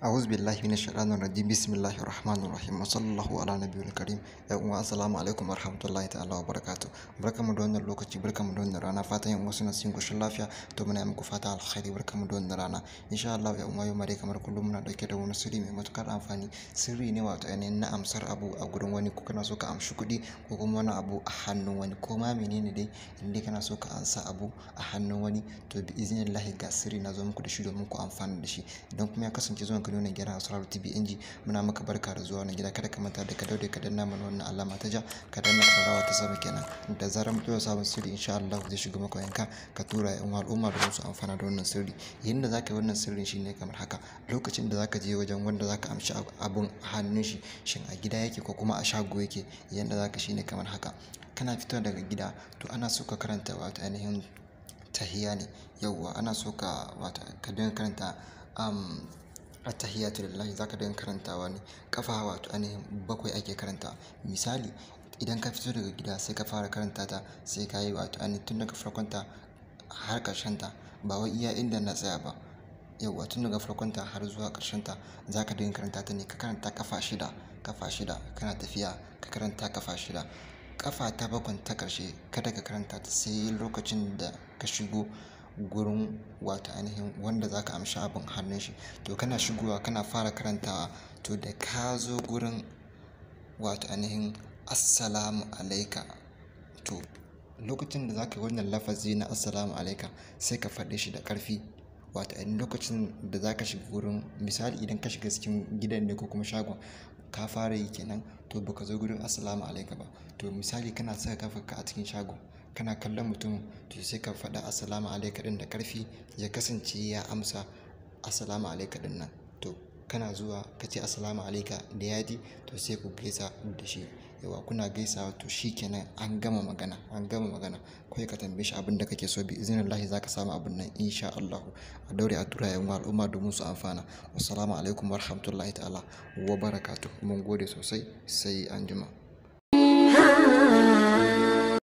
A'udhu billahi minash shaitanir rajim. Bismillahir rahmanir rahim. Sallallahu ala nabiyil karim. Ya uwa assalamu alaikum warahmatullahi ta'ala wa barakatuh. Barkamu da wannan lokaci, barkamu da wannan rana. Fatan yan uwa suna cikin koshin lafiya. To muna muku fata alkhairi, barkamu da wannan rana. Insha Allah ya uwa yau kamar kullum muna dauke da wani sirri mai matukar amfani. Sirri ne wato ainihin na amsar abu a gurin wani ko kana so ka amshi kuɗi ko kuma wani abu a hannun wani ko ma menene dai indai kana so ka ansa abu a hannun wani to bi lahi ga sirri na zo muku da shi domin ku amfana da shi. Idan kuma ya kasance zuwan kallo na gyara asrar tv ng muna maka barka da zuwa na gida kada ka manta da ka daure ka danna mana wannan alama ta ja ka danna karawa ta sama kenan da zarar mu sabon sirri insha Allah zai shiga maka yanka ka tura yan al'umma da su amfana da wannan sirri yanda zaka yi wannan sirrin shi ne kamar haka lokacin da za ka je wajen wanda za ka amshi abun hannun shi shin a gida yake ko kuma a shago yake ka shi ne kamar haka kana fitowa daga gida to ana so ka karanta wato ainihin tahiya ne yauwa ana so ka wato ka dinga karanta um, Attahiyatu lillahi zaka dinga karantawa ne ƙafa wato ainihin bakwai ake karanta Misali idan ka fito daga gida sai ka fara karanta ta sai ka yi wato ainihin tun daga farkon ta har karshen ta ba wai iya inda na tsaya ba. Yauwa tun daga farkon ta har zuwa karshen ta zaka dinga karanta ta ne ka karanta ƙafa shida, kafa shida kana tafiya ka karanta ƙafa shida. Ƙafa ta bakwai ta karshe kada ka karanta ta sai lokacin da ka shigo gurin wato ainihin wanda za ka amshi abin hannun shi to kana shigowa kana fara karantawa to da ka zo gurin wato ainihin assalamu alaika to lokacin da za ka yi wannan lafazi na assalamu alaika sai ka faɗi shi da ƙarfi wato ainihin lokacin da za ka shiga gurin misali idan ka shiga cikin gidan ne ko kuma shagon ka fara yi kenan to baka zo gurin assalamu alaika ba to misali kana saka ka a cikin shagon kana kallon mutum to sai ka faɗa assalamu alaikum din da ƙarfi ya kasance ya amsa assalamu alaikum din nan to kana zuwa ka ce assalamu alaikum da yadi to sai ku gaisa da shi yawa kuna gaisawa to shikenan an gama magana an gama magana kai ka tambaye shi abin da kake so bi izinin Allah zaka samu abin nan insha Allah a daure a tura yan al'umma domin su amfana assalamu alaikum warahmatullahi ta'ala wa barakatuh mun gode sosai sai anjima